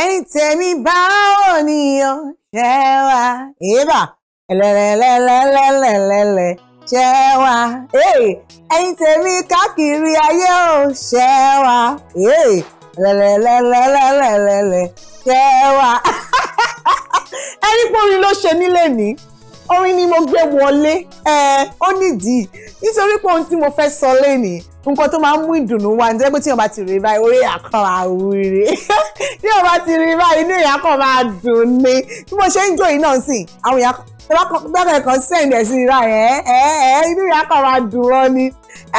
ẹni tèmi bá ònìyàn ṣẹ́ wa èébà lẹ́lẹ́lẹ́lẹ́lẹ́lẹ́lẹ́ ṣẹ́ wa ẹni tèmi káàkiri ayé ò ṣẹ́ wa lẹ́lẹ́lẹ́lẹ́lẹ́lẹ́lẹ́ ṣẹ́ wa. ẹni pọ́nrin ló ṣe nílé ní orin ni mo gbé wọlé ẹ ó nídìí nítorí pé ohun tí mo fẹ́ sọ lé nìí nǹkan tó máa ń mú ìdùnnú wá ní pé tí wọn bá ti rí báyìí orí àkàn àwúre tí wọn bá ti rí báyìí inú èèyàn kan máa dùn ni bí mo ṣe ń jó yìí náà sìn àwọn èèyàn bẹ́ẹ̀ kan send ẹ̀ sí ra ẹ̀ ẹ̀ ẹ̀ inú èèyàn kan máa dùn wọn ni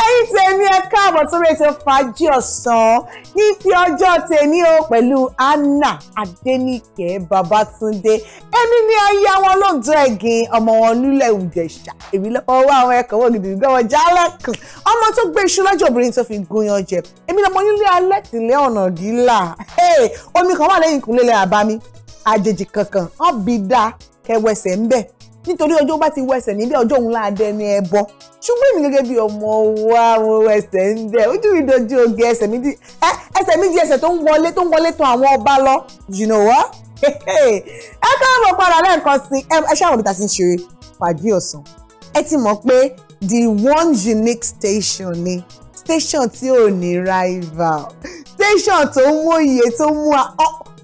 ẹ̀yin tèmi ẹ káàbọ̀ sórí ètò fàájì ọ̀sán ní ti ọjọ́ tèmi o pẹ̀lú Anna Adéníkẹ́ Babátúndé èmi ni aya wọn lóòótọ́ ẹ̀gìn ọmọ wọn nílẹ̀ ìjẹ̀ṣà èmi lọ́wọ́ àwọn ẹ̀kọ́ wọ́n gidi gbọ́wọ́ jálẹ̀kùn ọmọ tó gbé iṣu jẹ́ obìnrin tó fi gúnyán jẹ èmi náà mo nílé alẹ́ tìlẹ́ ọ̀nà dílà omi kan wà lẹ́yìn ìkúnlẹ̀ àbámi àjèjì kankan wọ́n bí dá kẹwẹsẹ̀ ń bẹ̀ nítorí ọjọ́ bá ti wẹsẹ̀ níbẹ̀ ọjọ́ òun láàdẹ ní ẹbọ ṣùgbọ́n èmi gẹ́gẹ́ bí ọmọ wa mo wẹsẹ̀ ń bẹ̀ ojú mi dojú oge ẹsẹ̀ mi di ẹsẹ̀ mi di ẹsẹ̀ tó ń wọlé tó ń wọlé tó àwọn ọba lọ you know what ẹ káàbọ̀ padà lẹ́ẹ̀kan sí ẹ ṣáà wọ̀n bí ta ti ń ṣeré fàájì ọ̀sán ẹ ti mọ̀ pé the one unique station ni station tí ò ní rival station tó ń mú iye tó ń mú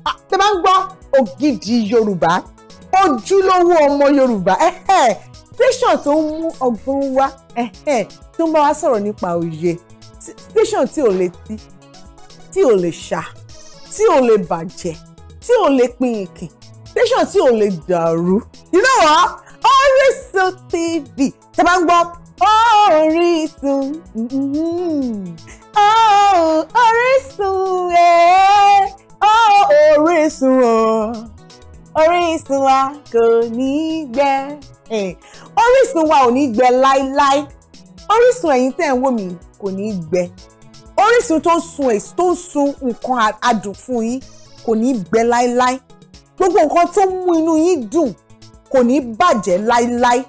a tẹ bá ń gbọ́ ògidì yorùbá ojúlówó ọmọ yorùbá station tó ń mú ọgbọ́n wá tó ń bá wa sọ̀rọ̀ nípa òye station tí ò lè ti tí ò lè ṣá tí ò lè bàjẹ́ tí ò lè pinyìnkì tẹ̀sán tí ò lè dàrú. You know what? Always Orisun TV tẹ bá ń gbọ́ Orísun mm-hmm. oh, Orísun eh. oh, Orísun o Orísun wa kò ní gbẹ eh, Orísun wa ò ní gbẹ láíláí Orísun ẹ̀yin tẹ́ ń wò mí kò ní gbẹ Orísun tó ń sun èso tó ń sun nǹkan adùn fún yín kò ní gbẹ láíláí gbogbo nǹkan tó ń mú inú yín dùn kò ní bàjẹ́ láíláí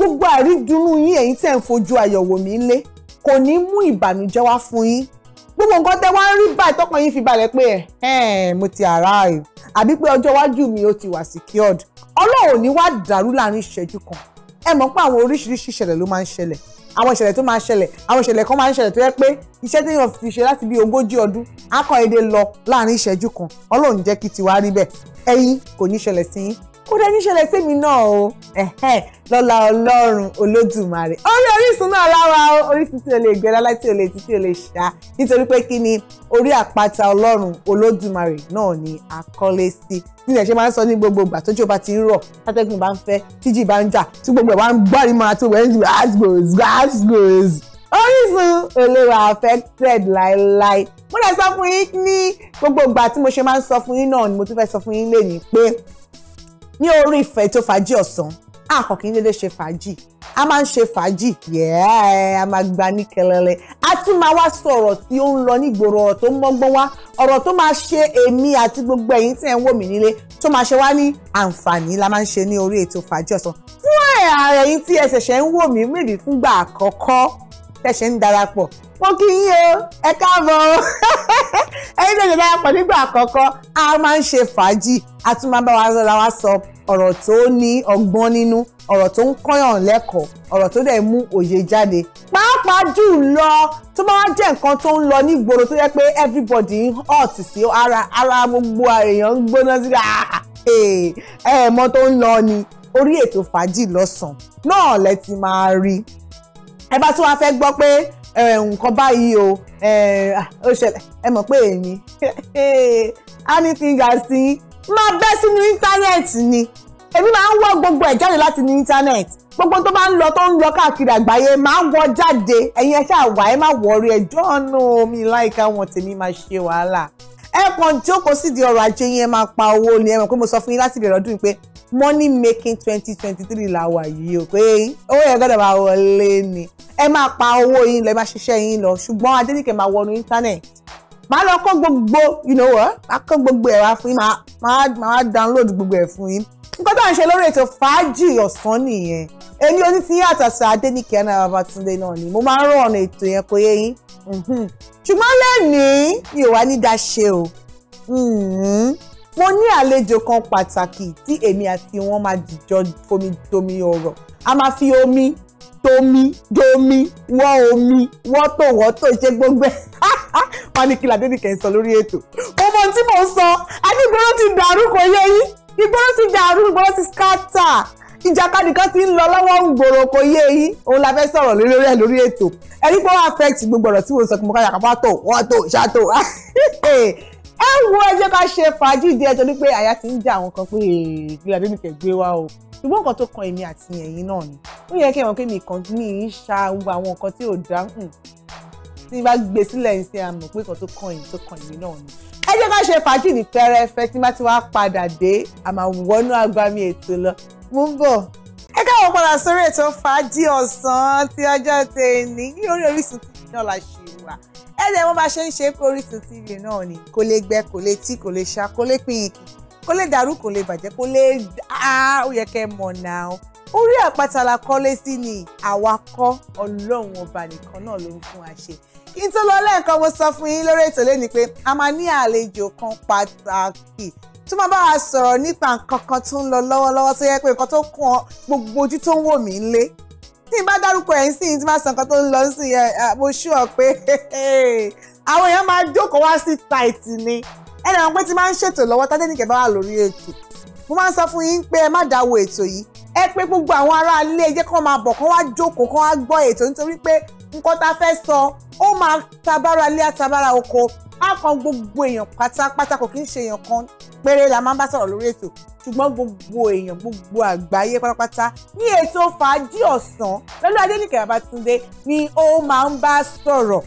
gbogbo àrídùnnú yín ẹ̀yin tẹ̀ ń fojú àyẹ̀wò mi lé kò ní mú ìbànújẹ́ wá fún yín gbogbo nǹkan tẹ́ wá ń rí báyìí tọkàn yín fi balẹ̀ pé ẹ̀ mo ti arrive àbí pé ọjọ́ iwájú mi ó ti wà secured ọlọ́run ní wá dàrú láàrin ìṣẹ́jú kan ẹ mọ̀ pé àwọn oríṣiríṣi ìṣẹ̀lẹ̀ ló máa ń ṣẹlẹ̀ àwọn ìṣẹ̀lẹ̀ tó máa ń ṣẹlẹ̀ àwọn ìṣẹ̀lẹ̀ kan máa ń ṣẹlẹ̀ tó yẹ pé iṣẹ́ tí yóò fi ṣe láti bí ogójì ọdún akọ èdè lọ láàrin ìṣẹ́jú kan ọlọ́run jẹ́ kí tiwa rí bẹ́ẹ̀ ẹ̀yin kò ní ṣẹlẹ̀ sí yín ó dẹ̀ ní ṣẹlẹ̀ sí mi náà o lọ́lá ọlọ́run olódùmarè orí orísun náà láwa orísun tí o lè gbé lálá tí o lè tí o lè ṣá nítorí pé kí ni orí àpáta ọlọ́run olódùmarè náà ni àkọlé sí nílẹ̀ ṣe máa ń sọ ní gbogbo ìgbà tójú bá ti ń rọ̀ tátẹ́gùn bá ń fẹ́ tíjì bá ń jà tí gbogbo ẹ̀ wá ń gbárí mọ́ra tó wẹ́n ju asgos asgos orísun olówó affected láéláé mo dẹ̀ sọ fún yín ní gbogbo ìgbà tí mo ṣe máa ń sọ fún yín náà ni mo tún fẹ́ sọ fún yín lé ní pé ní orí ìfẹ́ tó fàájì ọ̀sán àkàn kì í dédé ṣe fàájì a máa ń ṣe fàájì a máa gba ní kẹlẹlẹ a tún máa wá sọ ọ̀rọ̀ tí ó ń lọ nígboro ọ̀rọ̀ tó ń mọ́gbọ́n wá ọ̀rọ̀ tó máa ṣe èmi àti gbogbo ẹ̀yin tí ẹ̀ ń wò mí nílé tó máa ṣe wá ní àǹfààní la máa ń ṣe ní orí ètò fàájì ọ̀sán fún ẹ̀yìn tí ẹ ṣẹ̀ṣẹ̀ ń wò mí maybe tẹ̀sẹ̀ ń darapọ̀ wọ́n kí yín o ẹ káàbọ̀ o ẹ̀yin tẹ̀sẹ̀ darapọ̀ nígbà àkọ́kọ́ a máa ń ṣe fàájì a tún máa bá wa sọ́ra wa sọ ọ̀rọ̀ tó ní ọgbọ́n nínú ọ̀rọ̀ tó ń kọ́yàn lẹ́kọ̀ọ́ ọ̀rọ̀ tó dẹ̀ mú òye jáde pàápàá jù lọ tó bá wá jẹ́ nǹkan tó ń lọ ní ìgboro tó yẹ pé everybody ń hot sí ara ara gbogbo èèyàn ń gbóná sí ah, ah, eh, ẹ̀ẹ̀mọ́ tó ń lọ ni orí ètò fàájì lọ́sàn-án náà lẹ ti máa rí ẹ bá tún wá fẹ́ gbọ́ pé eh, nǹkan báyìí o eh, ah, ó ṣẹlẹ̀ ẹ mọ̀ pé èmi honey fingers ti máa bẹ́ sínú íńtánẹ́ẹ̀tì ni èmi máa ń wọ́ gbogbo ẹ̀ jáde láti ní íńtánẹ́ẹ̀tì gbogbo tó bá ń lọ tó ń lọ káàkiri àgbáyé máa ń wọ jáde ẹ̀yin ẹ ṣáà wà ẹ má wọrí ẹjọ́ ọ̀nà omi láìka wọn tèmi máa ṣe wàhálà ẹ kàn jókòó sídìí ọrọ̀ ajé yẹn máa pa owó ni ẹ mọ̀ pé mo sọ fún yín láti ìbẹ̀rẹ̀ ọdún pé money making twenty twenty three la wà yìí o pé owó yẹn gbọ́dọ̀ máa wọlé ni ẹ máa pa owó yín lọ ẹ máa ṣiṣẹ́ yín lọ ṣùgbọ́n Adéníkẹ́ máa wọnú internet máa lọ kó gbogbo you know what máa kó gbogbo ẹ̀ wá fún yín máa máa download gbogbo ẹ̀ fún yín nǹkan tó à ń ṣe lórí ètò fàájì ọ̀sán nìyẹn èmi onítìyín àtàṣà Adéníkẹ́ Anna Babátúndé náà ni mo máa ń rán ọ̀nà ètò yẹn kó yé yín ṣùgbọ́n lẹ́nìí o. Hmm mo ní àlejò kan pàtàkì tí èmi àti wọn máa jìjọ fomi tomi ọ̀rọ̀ a máa fi omi tomi domi wọ́n omi wọ́n tò wọ́n tò ṣe gbogbo ẹ̀ wọ́n ní kí Adénìkẹ́ ń sọ lórí ètò mo mọ ohun tí sọ adigunro ti dàrú kò yẹ yín ìgboro ti dàrú ìgboro ti skata ìjàkadì kan ti ń lọ lọ́wọ́ ń gbòòrò kò yé yín òun la fẹ́ sọ̀rọ̀ lórí rẹ̀ lórí ètò ẹni pé wọ́n affect gbogbo ọ̀rọ̀ tí mo sọ pé mo kájà kápá tó wọ́n tó ṣáàtò ẹ wo ẹ jẹ́ ká ṣe fàájì díẹ̀ torí pé àyà ti ń já àwọn kan pé ìgbéra bí mi tẹ̀ gbé wá o ṣùgbọ́n nǹkan tó kan èmi àti ẹ̀yin náà ni ó yẹ kí ẹ̀wọ̀n pé mi kàn ní í ṣa gbogbo àwọn nǹkan tí ò dá hmm. tí bá gbé sílẹ̀ ń ṣe àmọ̀ pé nǹkan tó kan èmi tó kan èmi náà ni ẹ jẹ́ ká ṣe fàájì ní pẹrẹfẹ tí bá ti wá padà dé àmà wọnú agbami ètò lọ mú ń bọ̀ ẹ káwọn padà sórí ètò fàájì ọ̀sán tí ọjọ́ tẹ̀ ní ní orí Orísun tí náà la ṣe wa ẹ dẹ̀ wọ́n bá ṣe ń ṣe pé Orísun TV náà ni kò lè gbẹ kò lè tí kò lè ṣá kò lè pín ikì kò lè dàrú kò lè bàjẹ́ kò lè ó yẹ kẹ́ mọ̀ náà orí àpáta kọ́lé sí ni àwa kọ́ ọlọ́run ọba nìkan náà ló ń fún wa ṣe kí n tó lọ lẹ́ẹ̀kan mo sọ fún yín lórí ètò lẹ́ni pé a máa ní àlejò kan pàtàkì tó máa bá wa sọ̀rọ̀ nípa nǹkan kan tó ń lọ lọ́wọ́lọ́wọ́ tó yẹ pé nǹkan tó kàn gbogbo ojú tó ń wò mí ń lé tí n bá dárúkọ ẹ̀ ń sìn tí n bá sàn kan tó ń lọ sí ẹ mo ṣú ọ pé àwọn èèyàn máa jókòó wá sí tàìtì ni ẹnì àwọn pé tí máa ń ṣètò lọ́wọ́ tádẹ́nìkẹ́ bá wà lórí ètò mo máa ń sọ fún yín pé ẹ má dáwọ́ ètò yìí ẹ pé gbogbo àwọn ará ilé ẹ jẹ́ máa bọ̀ kó wá jókòó kó wá gbọ́ ètò nítorí pé nǹkan tá fẹ́ sọ ó máa tabára ilé àtabára oko á kan gbogbo èèyàn pátápátá kò kí ń ṣe èèyàn kan péré la máa ń bá sọ̀rọ̀ lórí ètò ṣùgbọ́n gbogbo èèyàn gbogbo àgbáyé pátápátá ní ètò fàájì ọ̀sán lọ́lú adéníkẹ́ babatunde ni ó máa ń bá sọ̀rọ̀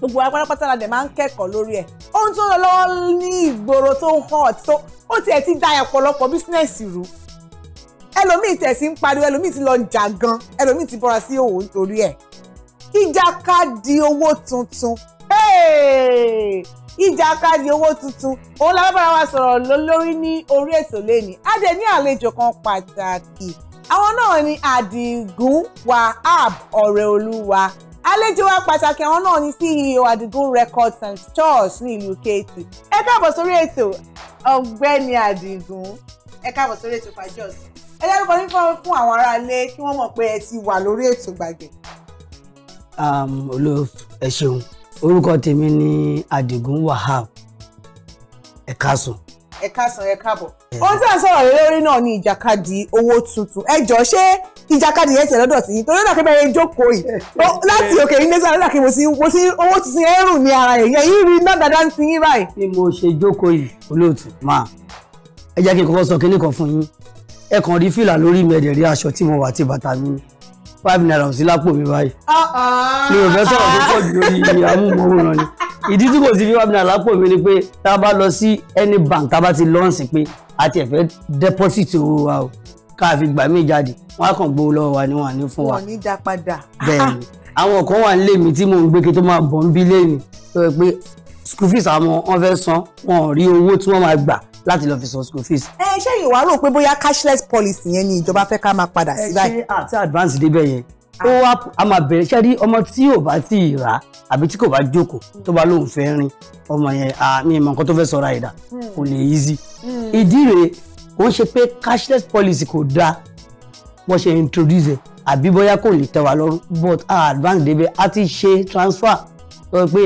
gbogbo wa pátápátá la dẹ̀ máa ń kẹ́kọ̀ọ́ lórí ẹ̀ ohun tó lọ lọ́wọ́ ní ìgboro tó ń hàn tó ó tiẹ̀ ti da ọ̀pọ̀lọpọ̀ bísínẹ́sì rú ẹlòmíì tẹ̀ sí ń pariwo ẹlòmíì ti lọ ń jà gan ẹlòmíì ti bọ́ra sí òwò nítorí ẹ̀ ìjàkadì owó tuntun ìjàkadì owó tuntun òun la bára wa sọ̀rọ̀ lórí ní orí ètò lẹ́ni adé ní àlejò kan pàtàkì àwọn náà ni àdìgún wahab ọ̀rẹ́ olúwa àlejò wa pàtàkì àwọn náà ni ceo àdìgún records and stores ní ìlú kéètì ẹ káàbọ̀ sórí ètò ọ̀gbẹ́ni àdìgún ẹ káàbọ̀ sórí ètò fàjọs ẹ dárúkọ ní fún àwọn aráalé kí wọ́n mọ̀ pé ẹ ti wà lórí ètò gbàgbé. Um, ẹ ṣeun orúkọ tèmi ni Adigun Wahab ẹ káàsùn. ẹ káàsùn ẹ káàbọ̀. ohun tí a sọ̀rọ̀ lé lórí náà ni ìjàkadì owó tuntun ẹ jọ ṣé ìjàkadì yẹn tẹ̀ lọ́dọ̀ sí yín torí ọ̀dà kí bẹ́ẹ̀ jókòó yìí láti òkè yín lẹ́sẹ̀ ọ̀dà kí mo sí mo sí owó tuntun yẹn rùn ní ara yẹn yín rí iná dáadáa ń sin yín báyìí. bí mo ṣe jókòó yìí olóòtú máa ẹ jẹ́ kí n kọ́kọ́ sọ kinní kan fún yín ẹ kàn rí fìlà lórí mi ẹ̀dẹ̀ rí aṣọ tí mo wà àti bàtà mi five naira sí lápò mi báyìí ah, ah. mi ò fẹ́ sọ̀rọ̀ tó pọ̀ jù lórí amúhùnmáwòrán ni ìdí tí kò sí five naira lápò mi ni pé tá a bá lọ sí any bank tá a bá ti lọ́ọ̀sì pé a tiẹ̀ fẹ́ deposit owó wa o ká fi gbà mí jáde wọn á kàn gbowó lọ́wọ́ wa ni wọn à ní fún wa. wọn ò ní dá padà. bẹ́ẹ̀ni àwọn kan wà nílé mi tí mò ń gbé kí tó máa bọ̀ ń bí lé mi tó yẹ pé school fees àwọn wọn fẹ́ san wọn rí owó tí wọ́n máa gbà láti lọ fi san school fees. ẹ ṣé ìwà rò pé bóyá cashless policy yẹn ni ìjọba fẹ́ ká máa padà sí báyìí. ẹ ṣe àti advance débẹ̀ yẹn ó wá a máa bẹ̀rẹ̀ ṣe rí ọmọ tí ò bá tí ì rà àbí tí kò bá jókòó tó bá lóun fẹ́ rin ọmọ yẹn àmì ìmọ̀ nǹkan tó fẹ́ sọ̀rọ̀ àìdá hmm. kò lè easy. Hmm. ìdí rèé ó ń ṣe pé cashless policy kò dáa wọ́n ṣe introduce ẹ̀ àbí bóyá kò lè tẹ̀ wá lọ́rùn but a advance débẹ̀ a ti ṣe transfer lọ pé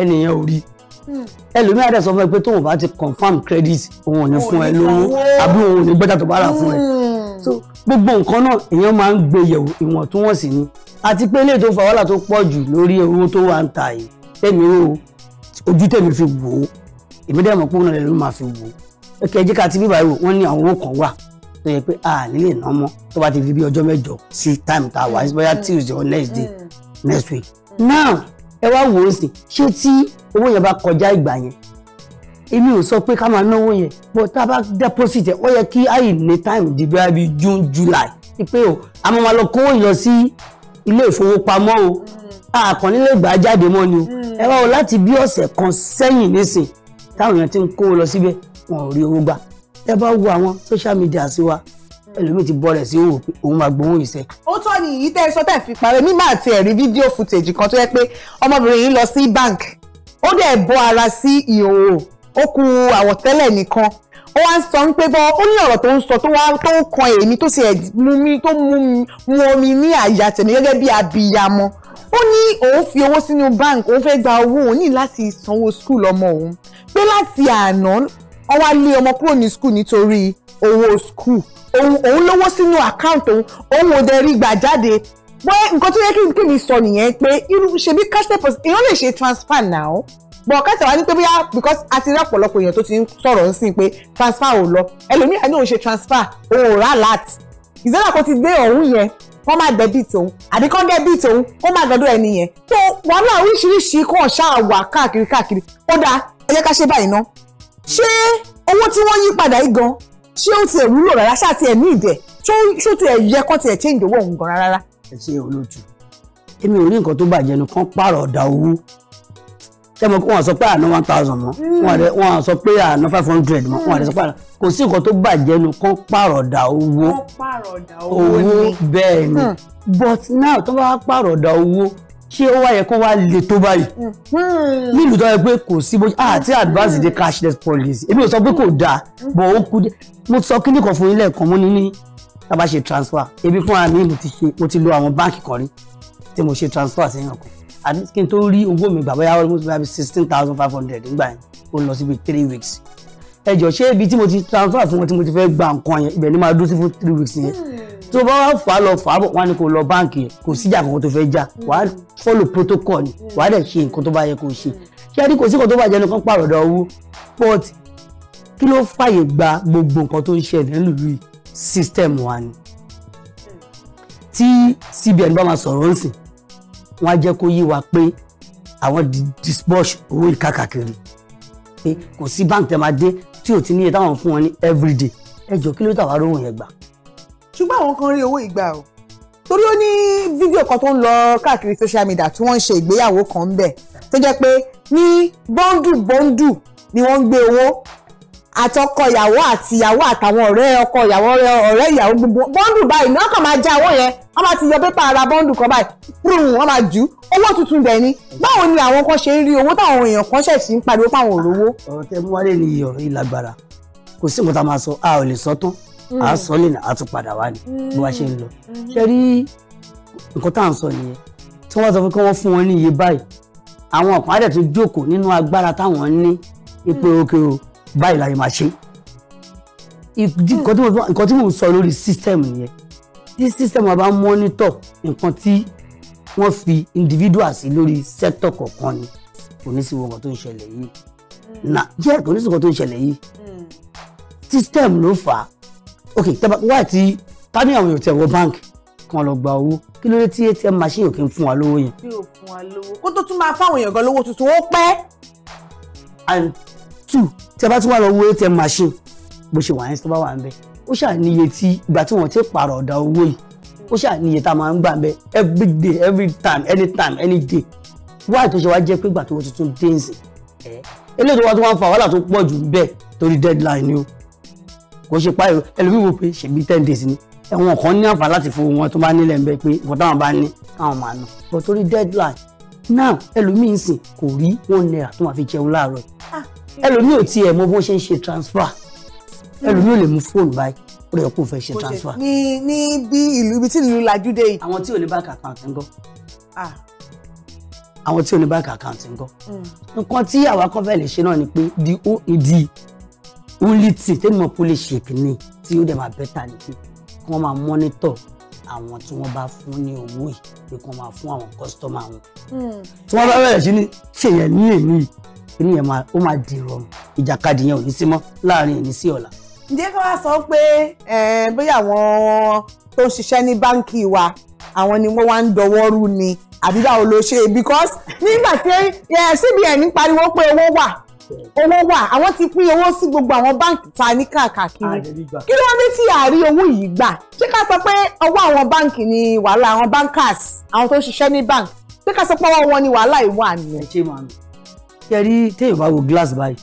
ẹnìyàn ò rí ẹlòmíì àdẹ sọ fún ẹ pé tóun bá ti confam credit òun ò ní fún ẹ lówó àbí òun ò ní gbẹ́jà tó bá rà fún ẹ hmm. so gbogbo nǹkan náà èèyàn máa ń gbé yẹ̀wò ìwọ̀ntúnwọ̀nsì ni àti pé eléyìí tó fa wàhálà tó pọ̀ jù lórí owó tó wà ń ta yìí tèmi o ojú tèmi fi wò ó èmi dẹ̀ mọ̀ pé òun náà ló máa fi wò ó ẹkẹ jẹ́ ká ti bíbá yìí wọ́n ní àwọn owó kan wà tó yẹ pé a nílé ná mọ́ tó bá ti fi bí ọjọ́ mẹ́jọ sí time tá a wà bóyá hmm. Tuesday or next day hmm. next week now ẹ wá wò ó sìn ṣé tí owó yẹn bá kọjá ìgbà yẹn èmi ò sọ pé ká máa náwó yẹn but tá a bá deposit ẹ ó yẹ kí àì ní time di bí i June July pé o àmọ́ máa lọ kówó yọ sí ilé ìfowópamọ́ o àkànnílé ìgbà jáde mọ́ ni o ẹ wá o láti bí ọ̀sẹ̀ kan sẹ́yìn nísìn táwọn èèyàn ti ń kówó lọ síbẹ̀ wọn ò rí owó gbà ẹ bá wo àwọn social media sí wa ẹlòmíì ti bọ́ rẹ̀ sí òwò pé òun máa gbowó iṣẹ́. ó tọ́ ni èyí tẹ́ ẹ sọ tẹ́ ẹ fi parẹ́ mímọ́ àti ẹ̀rí fídíò footage kan tó yẹ pé ọmọbìnrin yìí lọ sí bank ó dẹ̀ bọ́ ara sí ìhòòhò ó ku àwọ̀tẹ́lẹ̀ nìkan ó wá ń sọ ń pé bọ́ ó ní ọ̀rọ̀ tó ń sọ tó wá tó ń kan èmi tó sì ẹ̀ mú mi tó mú omi ní àyà tèmi gẹ́gẹ́ bí abiyamọ ó ní òun fi owó sínú bank òun fẹ́ gba owó òun ní láti sanwó school ọmọ òun pé láti àná wọ́n wá lé ọmọ kúrò ní school nítorí owó school òun lówó sínú àkáǹtì òun òun ò dẹ̀ rí gbà jáde bóyá nǹkan tó yẹ kí mi sọ nìyẹn pé irú ṣebí cashless person èèyàn lè ṣe transfer now bọ̀ ká tẹ̀wá ní pé bóyá because a ti rí ọ̀pọ̀lọpọ̀ èèyàn tó ti ń sọ̀rọ̀ ń sìn pé transfer ò lọ ẹlòmíà ní òun ṣe transfer òun ò rà alert ìzọ́nà kò ti dé ọ̀hún yẹn wọ́n máa gbẹ bíi tòun àbí kán gẹ bíi tòun ó máa gbẹdọ̀ ẹni yẹn tó wọn náà oríṣiríṣi kàn ṣáà wà káàkiri káàkiri ó dáa ẹ jẹ́ ká ṣe báyìí ná ṣé owó tí wọ́n yí padà yìí gan ṣé ó tiẹ̀ wúlò rárá ṣáà tiẹ̀ ní ìdẹ̀ ṣó tiẹ̀ yẹ kó tiẹ̀ change owó òun gan rárá. ẹ ṣe olóòtú èmi ò ní nǹkan tó bàjẹ́ nu kán pààrọ̀ ọ̀dà owó kẹ́mọ̀ wọ́n sọ pé àná one thousand mọ́ hmm. wọ́n sọ pé àná five hundred mọ́ wọ́n sọ pé àná kò sí nǹkan tó bàjẹ́ nu kán pààrọ̀dà owó owó bẹ́ẹ̀ ni hmm. but now tó bá pààrọ̀dà owó ṣé ó wá yẹ kó wá le tó báyìí hmm. nílùú tó yẹ pé kò sí bó àti ah, hmm. advance the cashless policy èmi ò sọ pé kò hmm. dáa bọ̀ ó kú dé mo sọ kíní kan fún yín lẹ́ẹ̀kan mo ní ní tá ṣe transfer èmi fúnra mi mo ti ṣe mo ti lo àwọn báǹkì kan tí mo ṣe transfer sẹ́yìn ọkọ̀ àti kí n tó rí owó mi gbà bóyá ó ti bá sixteen thousand five hundred nígbà yẹn ó lọ síbi three weeks ẹ jọ ṣé ibi tí mo ti transfer fún wọn tí mo ti fẹ́ gba nǹkan yẹn ibẹ̀ ni máa dúró sí fún three weeks yẹn tó bá wà fà á lọ fà á bọ̀ wọ́n ní kó lọ báǹkì yẹn kò síjà kankan tó fẹ́ já mm. wàá follow protocol ni mm. wàá dẹ̀ ṣe nǹkan tó bá yẹ kó ṣe ṣé ẹni kò sí nǹkan tó bá jẹ́ nǹkan pàrọ̀dà owó but kí ló fàyè gba gbogbo nǹkan tó ń ṣẹlẹ̀ nílùú yìí system wa ni tí CBN bá máa sọ̀rọ̀ ńsìn wọ́n á jẹ́ kó yí wa pé àwọn disbush owó ìkàkàkiri pé kò sí báǹkì tẹ́ máa dé tí ò ti níye táwọn fún wọn ní everyday ẹ jọ kí ló tàwa róhùn yẹn gbà ṣùgbọ́n àwọn kan rí owó ìgbà o torí ó ní fídíò kan tó ń lọ káàkiri social media tí wọ́n ń ṣe ìgbéyàwó kan ń bẹ̀ tó jẹ́ pé ní bọ́ńdù bọ́ńdù ni wọ́n ń gbé owó àtọkọ ìyàwó àti ìyàwó àtàwọn ọ̀rẹ́ ọkọ ìyàwó ọ̀rẹ́ ìyàwó gbogbo bọ́ńdù báyìí ni wọ́n kàn máa já owó yẹn wọ́n máa ti yọ pépà ara bọ́ńdù kan báyìí fúrùn wọ́n máa jù owó tuntun dẹ̀ ni báwo ni àwọn kan ṣe ń rí owó táwọn èèyàn kan ṣẹ̀ sí ń pariwo fáwọn òrówó. ọ̀rọ̀ tẹ mú wálé ni ọ̀rọ̀ ìlàgbára kò sí nǹkan tá a máa sọ a ò lè sọ tán Mm. A á sọ lẹ́nu à á tún padà wá ní bí wàá ṣe ń lọ. Mm, mm. ṣe rí nǹkan tá à ń sọ nìyẹn tí wọ́n sọ fún kí wọ́n fún wọn ní iye báyìí àwọn ọ̀pọ̀ àdẹ̀ tó jókòó nínú agbára táwọn ní ipò òkè o báyìí láyé máa ṣe. nǹkan tí mò sọ lórí system nìyẹn tí system wa bá mọ́nítọ̀ nǹkan tí wọ́n fi individual sí lórí sector kọ̀ọ̀kan ni kò ní sí wọn tó ń ṣẹlẹ̀ yìí na jẹ́ kò ní sí wọn tó ń ṣẹlẹ̀ yìí system ló fà á ok tẹ́bà wá ti ká ní àwọn èèyàn tẹ̀ wọ bank kan lọ gba owó kí ló dé tí atm machine ò kí ń fún wa lówó yẹn. bí o fún wa lówó kó tó tún máa fáwọn èèyàn gan lówó tuntun ó pẹ́. and two tẹ́ bá tún wá lọ wo atm machine bó ṣe wà ní sábà wà ń bẹ ó ṣàníye tí ìgbà tí wọ́n ti pààrọ̀ ọ̀dà owó yìí ó ṣàníye tá a máa ń gbà ń bẹ every day every time anytime any day wáyé tó ṣe wá jẹ́ pé ìgbà tó wọ́n tuntun dé ń sìn ẹ́ eléyìí tó wá tó wá ń fa wàhálà tó pọ̀ jù ń bẹ torí deadline ni o kò ṣe páyọ ẹlòmíì wò pé ṣèbí ten days ni ẹ̀wọ̀n kan ní àǹfààní láti fowó wọn tó bá nílẹ̀ ń bẹ pé nǹkan táwọn bá ní káwọn máa nà but torí deadline now ẹlòmíì ń sìn kò rí one naira tó máa fi jẹun láàárọ̀ ah, ah, ẹlòmíì ò tiẹ̀ mọ bó ṣe ń ṣe transfer hmm. ẹlòmíì ò lè mú fóònù báyìí ó lè kó fẹ́ ṣe transfer. ní ní bí ìlú ibi tí ìlú lajú dé yìí. àwọn tí ò ní bank account ń gọ́ ah. àwọn tí ò ní bank account ń gọ́ hmm. nǹkan tí àwa kan fẹ́ lè ṣe náà ni pé the oed only thing tẹ́mi mọ̀ kó lè ṣe kínní tí ó dẹ̀ máa bẹ́tà ni pé kí wọ́n máa mọ́nítọ̀ àwọn tí wọ́n bá fún ní owó yìí pé kí wọ́n máa fún àwọn kọ́sítọ́mà wọn. Hmm. tí wọ́n bá bẹ̀rẹ̀ sí ní ṣe yẹn ní èmi kínní yẹn ó máa di ìrọ̀rùn ìjàkadì yẹn ò ní sí mọ́ láàrin èmi sí ọ̀la. ǹjẹ́ ká wá sọ pé bóyá àwọn tó ń ṣiṣẹ́ ní báńkì wa àwọn ni wọ́n wá ń dọwọ́ rú ni àbí báwo ló ṣe because nígbà tí cbn pariwo pé owó wà owó wà àwọn ti pín owó sí gbogbo àwọn báǹkì ta ní káàkiri kí ló dé tí àárí owó yìí gbà ṣé ká sọ pé ọwọ́ àwọn báǹkì ni wàhálà àwọn bankers àwọn tó ń ṣiṣẹ́ ní bank ṣé ká sọ pé ọwọ́ wọn ni wàhálà yìí wà nìyẹn. ẹ ṣe máa mi kẹ rí téèyàn bá wo glass báyìí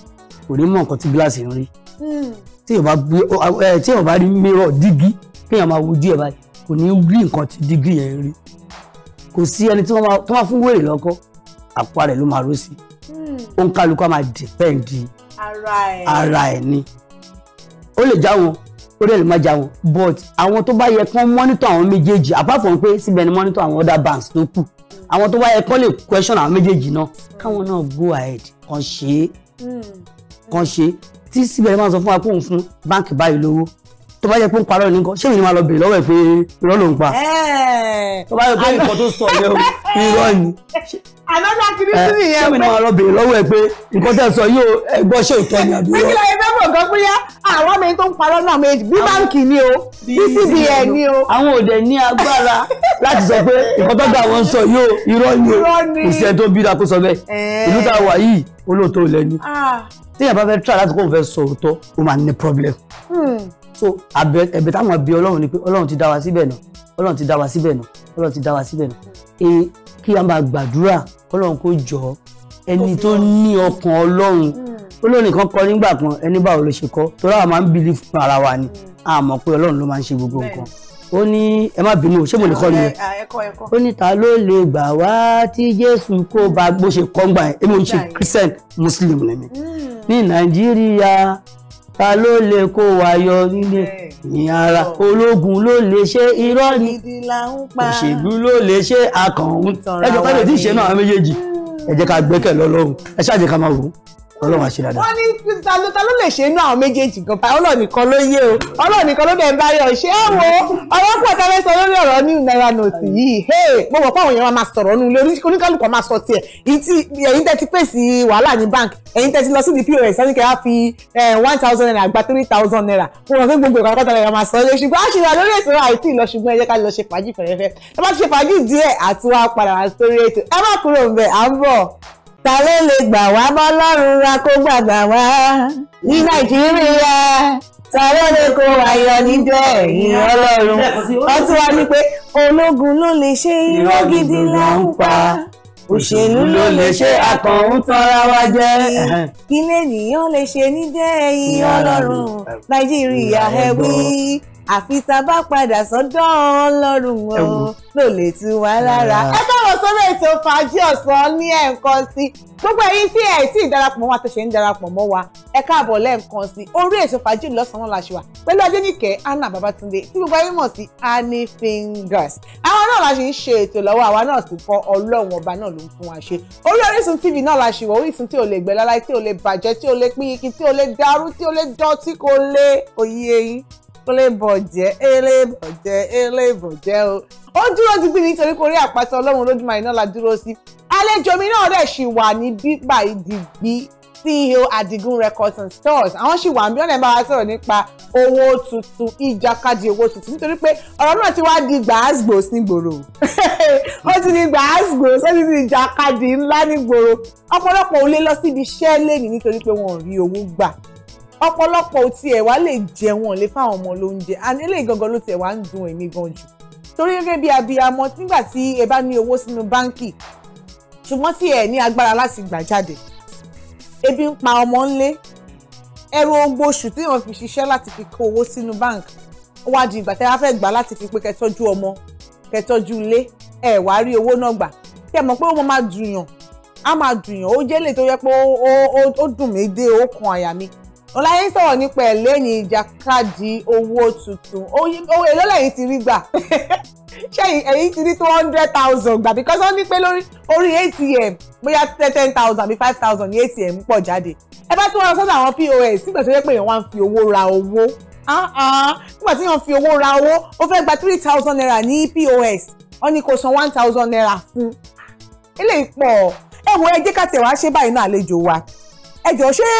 kò ní mọ nǹkan tí glass ń rí hmm. téèyàn bá rí mirror dígí kéèyàn máa wojú ẹ báyìí kò ní rí nǹkan tí dígí yẹn rí kò sí ẹni tí wọ́n máa fún wèrè lọ́kọ́ àpá rẹ̀ ló máa ró sí i òǹkàlùkọ́ hmm. máa dìpẹ́ǹdì ara ẹ̀ ni ó lè jáwọ́ ó lè má jáwọ́ but àwọn tó bá yẹ kán mọ́nítọ̀ àwọn méjèèjì apart from pé síbẹ̀ ni mọ́nítọ̀ àwọn other banks tó kù àwọn tó bá yẹ kán lè question àwọn méjèèjì náà káwọn náà go ahead kan ṣe é hmm. kan ṣe é tí síbẹ̀ ni wọ́n sọ fún wa pé òun fún báǹkì báyìí lówó tó bá yẹ pé ń parọ́ ní nǹkan ṣé mi ni máa lọ bèrè lọ́wọ́ ẹ̀ pé irọ́ ló ń pa tó bá yẹ pé nǹkan tó sọ yẹ irọ́ ni àlọ́dà kiri sí ìyẹn pé ṣé mi ni máa lọ bèrè lọ́wọ́ ẹ̀ pé nǹkan tẹ̀ sọ yóò ẹgbọ́ ṣé òótọ́ ni àbí irọ́. méjìlá ẹgbẹ́ mọ̀ kan bóyá àwọn mi tó ń parọ́ náà méjì bí báǹkì ni o bí CBN ni o. àwọn òde ní agbára láti sọ pé nǹkan tó gbà wọ́n sọ yóò irọ́ ni o kò sí ẹni tó bí dáa kó sọ bẹ́ẹ̀ ìlú a wà yìí olóòótọ́ lẹ́nu ah. téèyàn bá so ẹ̀bẹ̀ táwọn bí ọlọ́run ni pé ọlọ́run ti dá wa síbẹ̀ náà ọlọ́run ti dá wa síbẹ̀ náà ọlọ́run ti dá wa síbẹ̀ náà e kí a máa gbàdúrà ọlọ́run kó jọ ẹni tó ní ọkàn ọlọ́run hmm. olórin kan kọ nígbà kan ẹni báwo ló ṣe kọ torí àwọn máa ń bìlí fún ara wa ni hmm. a mọ̀ pé ọlọ́run ló máa ń ṣe gbogbo nǹkan ó ní ẹ má bínú ṣé mo lè kọ́ nìyẹn ó ní ta ló lè gbà wá tí jésù kó bá bó ṣe kọ́ ń yẹn èmi ò ń ṣe christian muslim lẹ́mi hmm. ní nàìjíríà ta ló lè kó wa yọ nílé ìyìn ara ológun ló lè ṣe irọ́ ni òṣèlú ló lè ṣe akànhún ẹjọ́ ká lè tí ṣe náà àwọn méjèèjì ẹ jẹ́ ká gbẹ́kẹ̀ lọ́lọ́run ẹ ṣáà jẹ́ ká máa wò ó ọlọ́run àṣírí àdá. wọ́n ní ta ló lè ṣe inú àwọn méjèèjì gan pa ọlọ́run nìkan ló yé o ọlọ́run nìkan ló dẹ̀ ń báyọ̀ ṣé ẹ wo ọ̀rọ̀ pọ̀ tẹ́lẹ̀ sọ lórí ọ̀rọ̀ ní náírà nọ̀tì yìí mo mọ̀ pé àwọn èèyàn máa sọ̀rọ̀ nù lórí oníkálùkù máa sọ tiẹ̀ ẹ̀yin tẹ́ ti pèsè wàhálà ní bank ẹ̀yin tẹ́ ti lọ sí di pos ẹni kẹ́ fi one thousand naira gba three thousand naira mo mọ̀ pé gbogbo ìkọ̀ àkọ́tà naira máa sọ ọ́ lé ṣùgbọ́n a ṣe wà lórí ètò àìtí lọ ṣùgbọ́n ẹ jẹ́ ká lọ ṣe fàájì fẹ̀rẹ̀fẹ̀ ẹ bá ti ṣe ta ló lè gbà wá bọ́ lọ́rùn ra kó gbàgbà wá ní nàìjíríà ta ló lè kó wa yọ níbẹ̀ ìran ọlọ́run wọ́n tún wá ní pé ológun ló lè ṣe irọ́ gidi là ń pa òṣèlú ló lè ṣe akọ̀hún tọ́ra wa jẹ́. kí lènìyàn lè ṣe nídẹ̀ẹ́yìn ọlọ́run nàìjíríà ẹ àfi tá a bá padà sọ́dọ̀ Ọlọ́run o ló lè tú wa lára. ẹ káwọn sórí ètò fàájì ọ̀sán ní ẹ̀ǹkan sí gbogbo ẹ̀yin tí ẹ tí ì darapọ̀ mọ́ wa tó ṣe ń darapọ̀ mọ́ wa ẹ káàbọ̀ lẹ́ẹ̀kan sí orí ètò fàájì lọ́sàn-án la ṣe wà pẹ̀lú Adéníkẹ́ Anna Babatunde tí gbogbo ẹ̀yin mọ̀ sí Annie Fingers. àwọn náà la ṣe ń ṣe ètò lọ́wọ́ àwa náà sì fọ Ọlọ́run ọba náà ló ń fún wa ṣe orí Orísun TV náà la ṣe wọ Orísun tí o lè gbẹ lálá tí o lè bàjẹ́ tí o lè pín elébọ̀jẹ́ elébọ̀jẹ́ elébọ̀jẹ́ o ó dúró ti gbìn nítorí kò rí àpáta ọlọ́run olódùmarè náà la dúró sí àlejò mi náà rẹ̀ ṣì wà ní bíbà ìdìgbì CEO Adigun Records and Stores àwọn sì wà ń bí ọ̀nà ìbára sọ̀rọ̀ nípa owó tuntun ìjàkadì owó tuntun nítorí pé ọ̀rọ̀ náà ti wá di gbàásgbòs nígboro ó ti di gbàásgbòs ó ti di ìjàkadì ńlá nígboro ọ̀pọ̀lọpọ̀ ò lè lọ síbi iṣẹ́ lẹ́nìí nítorí pé wọn ò rí owó gbà ọ̀pọ̀lọpọ̀ o tiẹ̀ wá lè jẹun ọ̀lẹ́ fáwọn ọmọ lóúnjẹ àní eléyìí gangan ló tiẹ̀ wá ń dùn èmi gan jù torí gẹ́gẹ́ bí abiyamọ nígbà tí ẹ bá ní owó sínú báńkì ṣùgbọ́n tí ẹ ní agbára láti gbà jáde ebi ń pa ọmọ ńlé ẹrù ogbo oṣù tí wọ́n fi ṣiṣẹ́ láti fi kó owó sínú báńkì ó wá di ìgbà tẹ́ wá fẹ́ gbà láti fi pé kẹtọ́jú ọmọ kẹtọ́jú ilé ẹ wá rí owó náà gbà kí ẹ mọ̀ pé ó máa dùnyàn á máa dùnyàn ó jẹ́ lè tó yẹ pé ó dùn mí dé ó kan àyà mi ọláyé sọ̀rọ̀ nípa ẹ̀ lẹ́yìn ìjàkadì owó tuntun owó èlò lẹ́yìn ti rí gbà ṣé ẹ̀yìn ti rí two hundred thousand gbà because wọ́n ní pé lórí orí atm bóyá ten thousand àbí five thousand ní atm pọ̀ jáde ẹ bá tún wọn sọ́dọ̀ àwọn pos nígbà tó yẹ pé èèyàn wá ń fi owó ra owó nígbà tí èèyàn fi owó ra owó ó fẹ́ gba three thousand naira ní pos wọ́n ní kó san one thousand naira fún ilé ìpọ̀ ẹ wo ẹ jẹ́ ká tẹ̀ wá ṣe báyìí náà àlejò wa ẹ jọ ṣé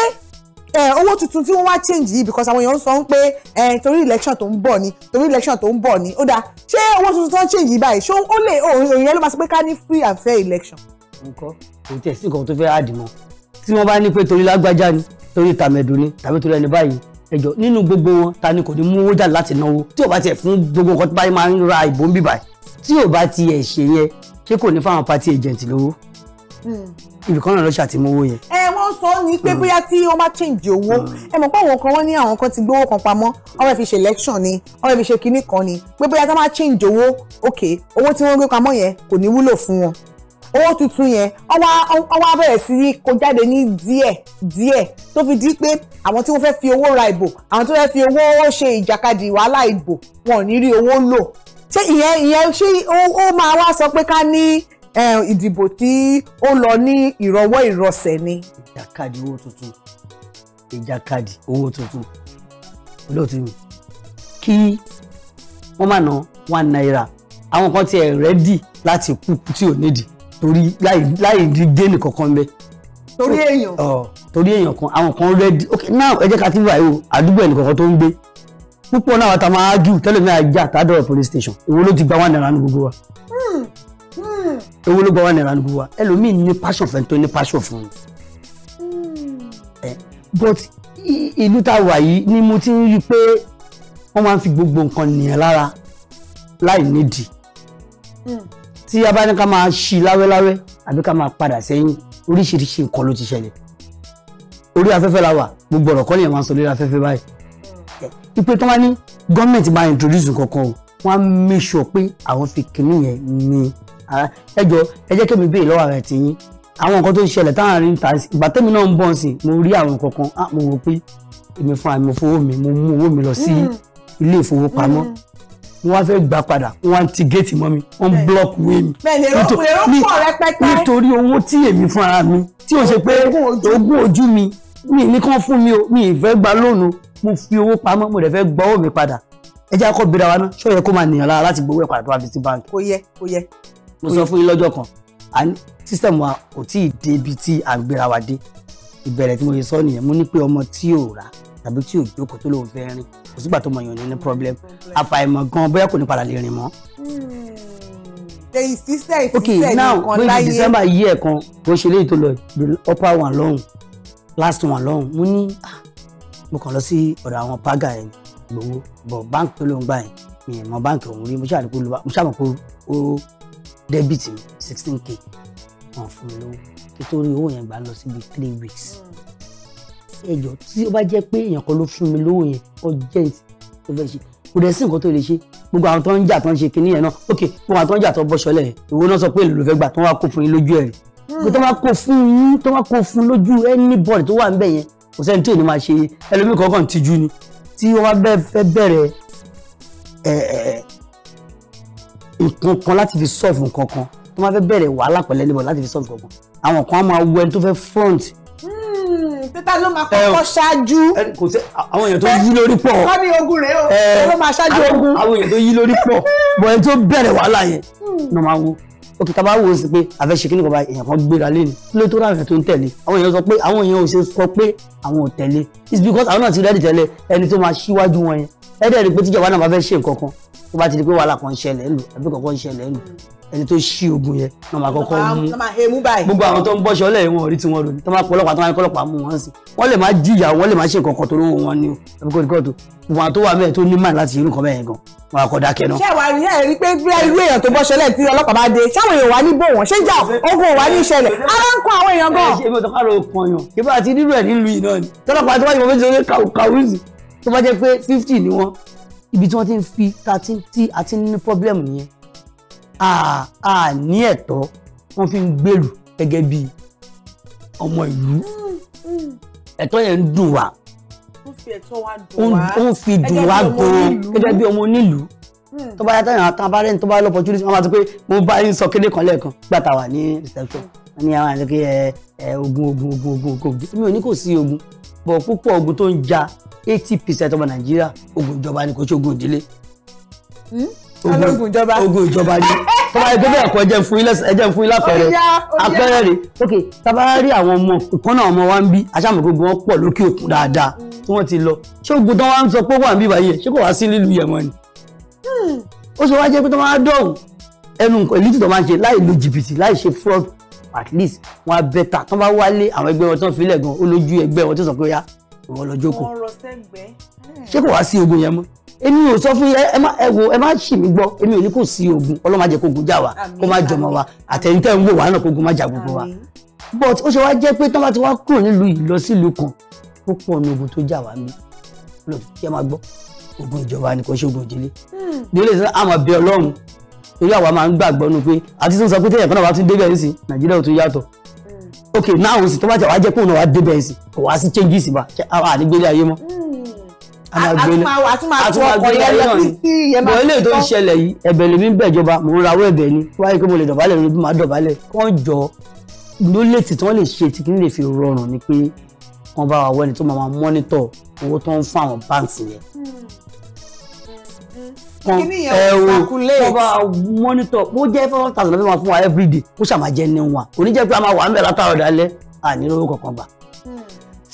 Eh, owó tuntun tí wọ́n wá change yìí because àwọn èèyàn ń sọ pé eh, torí election tó ń bọ̀ ni torí election tó ń bọ̀ ni ó dáa ṣé owó tuntun tó ń change yìí báyìí ṣé ó lè òyìn yẹn ló máa pé ká ní free and fair election. nǹkan kò tẹ̀ sí nǹkan tó fẹ́ àdìmọ́ tí wọ́n bá ní pé torí lágbájá ni torí tàmẹ̀dùn ni tàbí torí ẹni báyìí ẹjọ́ nínú gbogbo wọn ta ni kò ní mú owó jáde láti náwó tí ò bá tiẹ̀ fún gbogbo nǹkan tó bá máa ń ra ìbò ń bíbà tí ò bá tiẹ̀ ṣe yẹn ṣé kò ní fáwọn party agent lówó hmm ń sọ ni pé hmm. bóyá tí wọ́n bá change owó hmm. ẹ mọ̀ pé àwọn kan wọ́n ní àwọn kan ti gbówó kan pamọ́ wọ́n fi ṣe election ni wọ́n fi ṣe kinní kan ni pé bóyá tá máa change owó ok owó tí wọ́n gbé pamọ́ yẹn kò ní wúlò fún wọn owó tuntun yẹn ọwọ́ abẹ́rẹ́ sí kó jáde ní díẹ̀ díẹ̀ tó fi di pé àwọn tí wọ́n fẹ́ fi owó ra ìbò àwọn tí wọ́n fẹ́ fi owó ṣe ìjàkadì wàhálà ìbò wọn ò ní rí owó lò ṣé ìyẹn ìyẹn ṣé ó máa wá sọ pé ká ní Eh, ìdìbò tí ó lọ ní ìrọwọ́ ìrọsẹ̀ ni. ìjàkadì owó tuntun ìjàkadì owó tuntun olóòtú mi kí wọ́n má ná one naira àwọn kan ti ẹ̀ rẹ́dì láti kú tí ò nídìí torí láì rí géènì kankan bẹ́ẹ̀ torí èèyàn torí èèyàn kan àwọn kan rẹ́dí ok now ẹ jẹ́ ká ti wà yìí o àdúgbò ẹnì kankan tó ń gbé púpọ̀ náà wàtà máa tẹ́lẹ̀ mi àjà tàdọ̀rọ̀ police station ìwo ló ti gba one naira ní gbogbo wa ewu ló gba one naira ló wa ẹlòmíì ní passion fẹ́ tó ní passion fún un hmm. eh, but ìlú tá a wà yìí ni mo ti ń rí i pé wọ́n máa ń fi gbogbo nǹkan nìyẹn lára láì nídìí hmm. tí a bá ní ká máa ṣí láwẹ́láwẹ́ àbí ká máa padà sẹ́yìn oríṣiríṣi nǹkan ló ti ṣẹlẹ̀ orí afẹ́fẹ́ la wà gbogbo ọ̀rọ̀ kọ́ni ẹ̀ máa ń sọ lórí afẹ́fẹ́ báyìí hmm. eh, ipe tó wá ní gọ́ọ̀mẹ̀ntì máa introduce nǹkan kan o wọ́n á make sure pé àwọn fi kìnnìyẹn ní ẹ jọ ẹ jẹ́ kí mi béèrè lọ́wọ́ rẹ̀ tì yín àwọn nǹkan tó ń ṣẹlẹ̀ táwọn àárín ta ìgbà tẹ́mi náà ń bọ̀ sí mo rí àwọn kankan ah, mo wò pé èmi fún àmì fowó mi mo mú owó mi lọ sí mm. ilé ìfowópamọ́ wọ́n mm. wá fẹ́ gbà padà wọ́n á ti géètì mọ́ mi wọ́n block way mi nítorí owó tí èmi fún ara mi tí o ṣe pé ogún ojú mi mi ní kán fún mi o mi ì fẹ́ gba lónìí mo fi owó pamọ́ mo dẹ̀ fẹ́ gbọ́ owó mi padà ẹ jẹ́ àkọ́ bíra wa náà ṣó yẹ kó máa nìyàn lára láti gbowó ẹ̀ padà tó bá fi sí báńkì. kò yẹ kò yẹ mo sọ fún yín lọ́jọ́ kan system wa kò tí ì dé tí a gbéra wa dé ìbẹ̀rẹ̀ tí mo yẹ sọ nìyẹn mo ní pé ọmọ tí ò rà tàbí tí ò jókòó tó lóun fẹ́ rìn kò sígbà tó mọ èèyàn ní problem àfàìmọ̀ gan bóyá kò ní padà lè rìn mọ́. ok now maybe december yí ẹ̀ kan bó ṣe léyìí tó lọ the upper one lọ́hùn last one lọ́hùn mo ní ah, mo kàn lọ sí ọ̀dọ̀ àwọn paga ẹ̀ gbowó bọ̀ báńkì tó lóun gbà yẹn mi ì mọ báńkì òun rí mo ṣàmọ̀ debit mi sixteen k wọn fún mi lówó nítorí owó yẹn gbà lọ síbi three weeks hmm. ẹjọ tí ó bá jẹ́ pé èèyàn kan ló fún mi lówó yẹn urgent tó fẹ́ ṣe kò dẹ̀ sí nǹkan tó lè ṣe gbogbo àwọn tó ń jà tó ń ṣe kinní yẹn náà ok gbogbo àwọn tó ń jà tó bọ́ṣọlẹ̀ ìwọ náà sọ pé èlò ló fẹ́ gbà tó wá kó fún yín lójú ẹ̀ rí hmm. tó wá kó fún yín tó wá kó fún lójú anybody tó wà ń bẹ̀ yẹn kò sẹ́ni tí ò ní máa ṣe ẹlòmíì kankan tìjú ni tí wọ́n bá fẹ́ bẹ̀rẹ̀ nǹkan kan láti fi solve nǹkan kan tó máa fẹ́ bẹ̀rẹ̀ wàhálà pẹ̀lú ẹni bọ̀ láti fi solve nǹkan kan àwọn kan á máa wọ ẹni tó fẹ́ front. Hmm, peter ló máa kọ́kọ́ ṣáájú. kò sí àwọn èèyàn tó yí lórí pọ̀. wọ́n ní ogun rẹ̀ o ló máa ṣáájú ogun. àwọn èèyàn tó yí lórí pọ̀ bọ̀ ẹni tó bẹ̀rẹ̀ wàhálà yẹn hmm. ló máa wọ òkè tá a bá wò sí pé àfẹsẹ kí ni bàbá èèyàn kan gbéra lé ni ló tó ráàyàn tó ń tẹ̀lé àwọn èèyàn sọ pé àwọn èèyàn ò ṣe sọ pé àwọn ò tẹ̀lé it's because àwọn náà ti rẹ́ẹ̀dì tẹ́lẹ̀ ẹni tó máa ṣíwájú wọn yẹn ẹ̀ẹ́dẹ̀ẹ́dì pé tíjọba náà bá fẹ́ ṣe nǹkan kan tó bá ti di pé wàhálà kan ń ṣẹlẹ̀ lù àbí kankan ń ṣẹlẹ̀ lù ẹni tó ṣí ogun yẹn náà máa kọ́kọ́ mú gbogbo àwọn tó ń bọ́ṣọ lẹ̀ wọ́n rí tiwọn lónìí tó máa pọ̀ tó máa ní kọ́lọ́pàá mú wọn sí wọ́n lè máa jìyà wọ́n lè máa ṣe nǹkan kan tó lówó wọn ni o ẹbí kò tó wọn tó wà mẹ́ẹ̀ tó ní màn láti irú nǹkan bẹ́ẹ̀ gan wọn àkọ́ dákẹ́ náà. ṣé wàá rí ẹ rí pé irú èèyàn tó bọ́ṣọ lẹ̀ a ní ẹ̀tọ́ wọ́n fi ń gbèrú gẹ́gẹ́ bí ọmọ ìlú ẹ̀tọ́ yẹn ń dùn wá ó ń fi dùn wá gan-an gẹ́gẹ́ bí ọmọ onílùú hmm. tó bá yá táyà tán bá rẹ́ni tó bá lọ́pọ̀ jùlọ wọ́n máa ti pé mo bá yín sọ kéde kan lẹ́ẹ̀kan gbà tá a wà ní reception wọ́n ní àwọn àti pé ẹ ogun ogun ogun ogun ogun ogun mi ò ní kò sí ogun bọ̀ púpọ̀ ogun tó ń ja eighty percent ọmọ Nàìjíríà ogun ìjọba ni kò ṣe ogun ìdílé. Hmm? ogun ìjọba ogun ìjọba ni tọ́ba ẹgbẹ́ bẹ́ẹ̀ kọ́ ẹjẹ́ fún ilẹ̀ ẹjẹ́ fún ilẹ̀ àpẹẹrẹ àpẹẹrẹ rẹ̀ ok tábà rí àwọn ọmọ ìkànnà ọmọ wa ń bí aṣáàmù gbogbo wọn pọ̀ lókè òkun dáadáa tí wọ́n ti lọ ṣé ogun tán wá ń sọ pé wà ń bí báyìí ṣé kò wá sí nílùú yẹn mọ́ ni. ó ṣe wá jẹ́ pé tó máa dọ̀hùn ẹnu èlítì tó máa ń ṣe láì lo jìbìtì láì ṣe fraud at least wọn á bẹ́tà tó bá wálé àwọn ẹgbẹ́ wọn tó ń filẹ̀ gan olójú ẹgbẹ́ wọn tó sọ pé ó yá ìwọ lọ jókòó ṣé kò wá sí ogun yẹn mọ́ èmi ò sọ fún ẹ má ẹ wo ẹ má ṣì mí gbọ́ èmi ò ní kò sí ogun Ọlọ́run má jẹ́ kó ogun kó má jọmọ wa àtẹ̀yìntẹ̀ ń wò wá náà kó ogun má jà gbogbo wa but ó ṣe wá jẹ́ pé tán bá ti wá kúrò nílùú yìí lọ sílùú kan ó pọ̀ ní ogun tó jà wá mí lọ kí ẹ máa gbọ́ ogun ìjọba ni kò ṣe ogun ìdílé ìdílé hmm. sọ àmọ̀ bí Ọlọ́run torí àwa máa ń gbàgbọ́ nu pé àti sọ pé téèyàn kan hmm. ok náà òun sì tó bá jà wá jẹ́ kóun náà wá débẹ̀ nísìn kò wá sí changes bá àdégbélé ayé mọ́. Hmm bọ̀ ilé tó ń ṣẹlẹ̀ yìí ẹ̀bẹ̀ lèmi ń bẹ̀jọba mò ń rawọ́ ẹ̀bẹ̀ ni wáyé pé mo lè dọ̀bálẹ̀ lóbi máa dọ̀bálẹ̀ kán jọ ló lè tì tí wọ́n lè ṣe tí kí n lè fi rọrùn ni pé wọ́n bá wa wẹ́ni tó máa mọ́nítọ̀ owó tó ń fún àwọn báǹkì yẹn kan ẹ̀rọ ọba mọ́nítọ̀ ó jẹ́ five thousand lọ́wọ́ fún wa everyday kó ṣàmà jẹ́ ní wa kò pé a máa wà ń bẹ̀ látàrọ̀ dalẹ́ àní lówó kankan gbà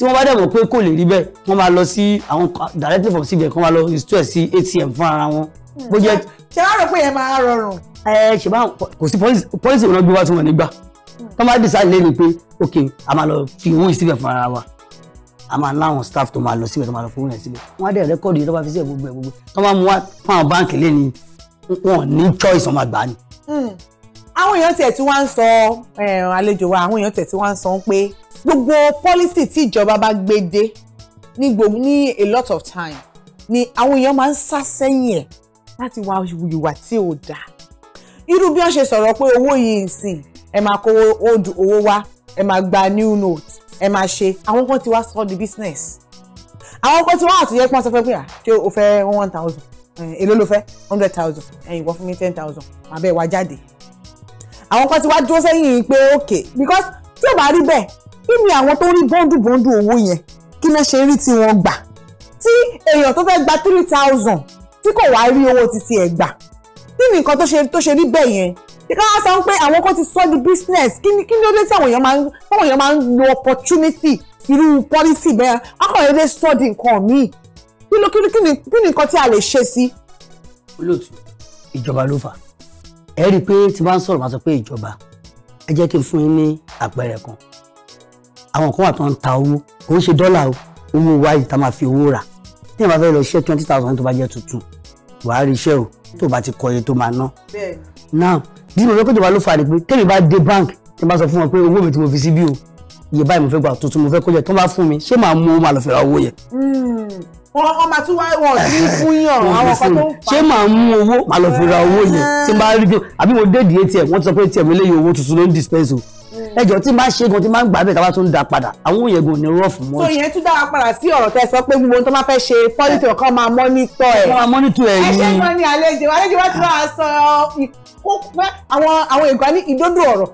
tí wọ́n bá dẹ̀ mọ̀ pé kò lè rí bẹ́ẹ̀ wọ́n máa lọ sí àwọn directly from cbn kan máa lọ restore sí atm fún ara wọn. Hmm. bó jẹ́ ṣe bá rò pé yẹn máa rọrùn. ẹ ṣe bá kò sí policy wọn gbé wá tí wọn nígbà hmm. tó máa decide lẹ́nu pé ok a máa lọ fi owó síbẹ̀ fún ara wa a máa láwọn staff tó máa lọ síbẹ̀ tó máa lọ fún owó yẹn síbẹ̀ wọ́n á dẹ̀ rẹ́kọ̀dù yìí tó bá fi síbẹ̀ gbogbo ẹ̀ gbogbo tó máa mú wá fún àwọn báǹkì lẹ́ni wọn ní choice wọn máa gbà á ni. Hmm. àwọn èèyàn tiẹ̀ tí wọ́n á ń sọ eh, àlejò wa àwọn èèyàn tiẹ̀ tí wọ́n á ń sọ pé gbogbo policy tí ìjọba bá gbé dé ní gbogbo ní a lot of time ni àwọn èèyàn máa ń sá sẹ́yìn ẹ̀ láti wá ìwà tí ò dáa irú bí wọ́n ṣe sọ̀rọ̀ pé owó yìí ń sìn ẹ máa kó old owó wá ẹ máa gba new note ẹ máa ṣe àwọn kan ti wá sọ di business àwọn kan ti wá àtúnyẹ pọ́n sọ fẹ́ pé à ṣé o fẹ́ one thousand èló ló fẹ́ hundred thousand ẹ̀yìn wọ́n fún mi ten thousand màá bẹ́ẹ̀ wá jáde àwọn kan ti wá dúró sẹ́yìn pé okay because tí ò bá rí bẹ́ẹ̀ kí ni àwọn tó rí bọ́ńdù bọ́ńdù owó yẹn kí náà ṣe rí tí wọ́n gbà tí èèyàn tó fẹ́ gba three thousand tí kò wá rí owó títí ẹ̀ gbà kí ni nǹkan tó ṣe rí bẹ́ẹ̀ yẹn ìka wá sọ pé àwọn kan ti sọ di business kí ni kí ni ó dé tí àwọn èèyàn máa ń táwọn èèyàn máa ń lo opportunity irú policy bẹ́ẹ̀ akọ̀yẹ́dẹ́ sọ di nǹkan míì kí ló kí ni kí ni nǹkan tí a lè ṣe sí. olóòtú ìjọba ló fà ẹ rí i pé tí bá ń sọ̀rọ̀ máa sọ pé ìjọba ẹ jẹ́ kí n fún yín ní àpẹẹrẹ kan àwọn kan wà tó ń ta owó kò ń ṣe dọ́là o owó wa yìí tá máa fi owó rà tí ìyẹn bá fẹ́ lọ ṣe twenty thousand tó bá jẹ́ tuntun wàá iṣẹ́ o tó bá ti kọ iye tó máa ná. now bí mo fẹ́ kó tó wá ló fa ni pé tẹ́mi bá dé bank tí mo bá sọ fún wọn pé owó mi tí mo fi sí bí o iye báyìí mo fẹ́ gbà tuntun mo fẹ́ kó jẹ tó bá fún mi ṣé màá mú owó máa lọ fẹ́ ra owó yẹn wọn ọmọ tí wọn wọn ti fún yàn àwọn kan tó ń fa. ṣé màá mú owó màá lọ fi ra owó yẹn tí n bá rí bí àbí mo dé di atm wọn ti sọ pé atm eléyìí owó tuntun ló ń dispense o ẹjọ́ tí máa ṣe gan tí máa ń gbà bẹ́ẹ̀ tá a bá tún da padà àwọn òye gan ni rough mọ́. so ìyẹn tún dára padà sí ọ̀rọ̀ tẹ sọ pé gbogbo ohun tó máa fẹ́ ṣe policy ọ̀kan máa mọ́nítọ̀ ẹ̀. máa mọ́nítọ̀ ẹ̀ ni. ẹ ṣe ń mọ ní àlejò àlejò wá ti máa sọ àwọn àwọn ìgbà ní ìdódò ọ̀rọ̀